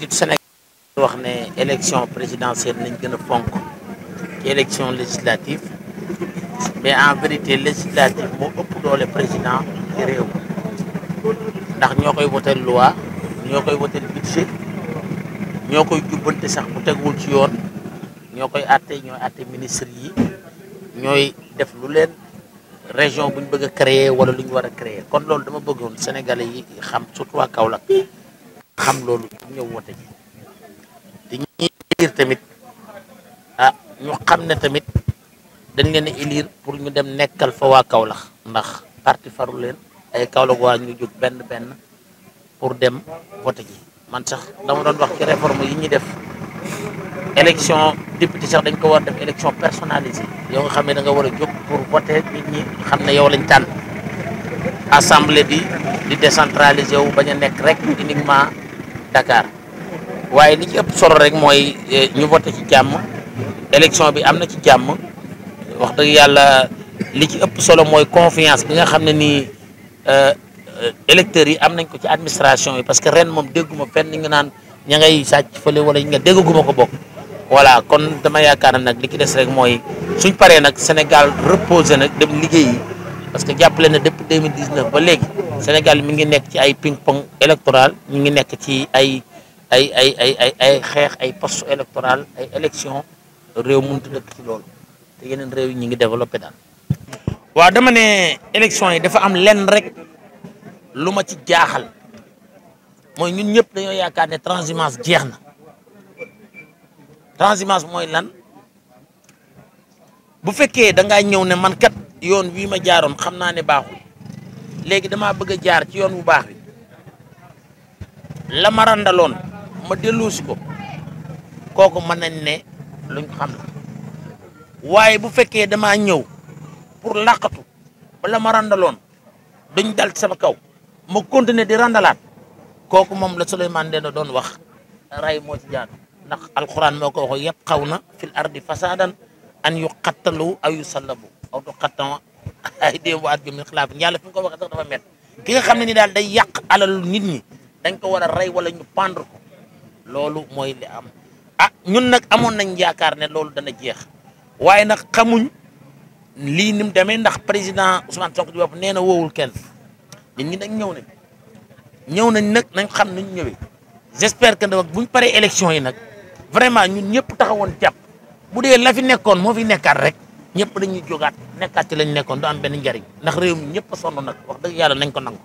lit Sénégal wax ne élection présidentielle nañ gën a fonk ci élection législative mais en vérité législative moo ëpp doole président ci réew ndax ñoo koy wotel loi ñoo koy wotel budget ñoo koy jubbante sax bu tegwul ci yoon ñoo koy àtte ñooy àtte ministre yi ñooy def lu leen région bu ñu bëgg créer wala lu ñu war a créer kon loolu dama bëggoon Sénégalais yi xam surtout waa Kaolack xam loolu ñu ñëw woote ji te ñi tamit ah ñu xam ne tamit dañ leen a pour ñu dem nekkal fa waa Kaolack ndax parti faru leen ay Kaolack waa ñu jóg benn benn pour dem woote ji man sax dama doon wax ci réforme yi ñuy def élection député sax dañ ko war def élection personnalisée yow nga xam ne da nga war a jóg pour voter nit ñi xam ne yow lañ tànn assemblée bi di décentraliser wu bañ a nekk rek uniquement dakaar waaye li ci ëpp solo rek mooy eh, ñu voté ci jàmm élection bi am na ci jàmm wax dëgg yàlla li ci ëpp solo mooy confiance bi nga xam ne nii eh, eh, électeurs yi am nañ ko ci administration yi parce que ren moom dégguma fenn nga naan ña ngay sàcc fële wala ñu nga dégguma ko bokk voilà kon dama yaakaar ne nag li ci des rek mooy suñ paree nag Sénégal reposé nag dem liggéey yi parce que jàppale na depuis 2019 ba léegi Sénégal mi ngi nekk ci ay ping pong électoral mu ngi nekk ci ay ay ay ay ay ay xeex ay poste électoral ay élection réew mënut a dëkk ci loolu te yeneen réew yi ñu ngi développé daal. waaw dama ne élection yi dafa am lenn rek lu ma ci jaaxal mooy ñun ñëpp dañoo yaakaar ne transhumance jeex na transhumance mooy lan bu fekkee da ngaa ñëw ne man kat yoon wii ma jaaroon xam naa ne baaxul. léegi damaa bëgg a jaar ci yoon bu baax bi la ma randaloon ma delluusi ko kooku mën nañ ne luñ xam la waaye bu fekkee damaa ñëw pour làqatu ba la ma randaloon duñ dal sama kaw ma continuer di randalaat kooku moom la Souleymane Ndéné doon wax ray moo ci jaar ndax alquran moo ko wax yabqawna fil ardi fasadan an yuqattalu aw salabu aw tuqattama ay dée bu at bi min xilaaf yàlla fi mu ko waxee sax dafa met ki nga xam ne ni daal day yàq alalu nit ñi dañ ko war a rey wala ñu pendre ko loolu mooy li am ah ñun nag amoon nañ yaakaar ne loolu dana jeex waaye nag xamuñ lii ni mu demee ndax président Ousmane Sonko di bopp nee na woowul kenn nit ñi nag ñëw nañ ñëw nañ nag nañ xam nañ ñëwee j'espère que nag buñ paree élection yi nag vraiment ñun ñëpp taxawoon jàpp bu dee la fi nekkoon moo fi nekkaat rek ñëpp dañuy jogaat nekkaat ci lañ nekkoon du am benn njariñ ndax réew mi ñëpp sonn nag wax dëgg yàlla nañ ko nangu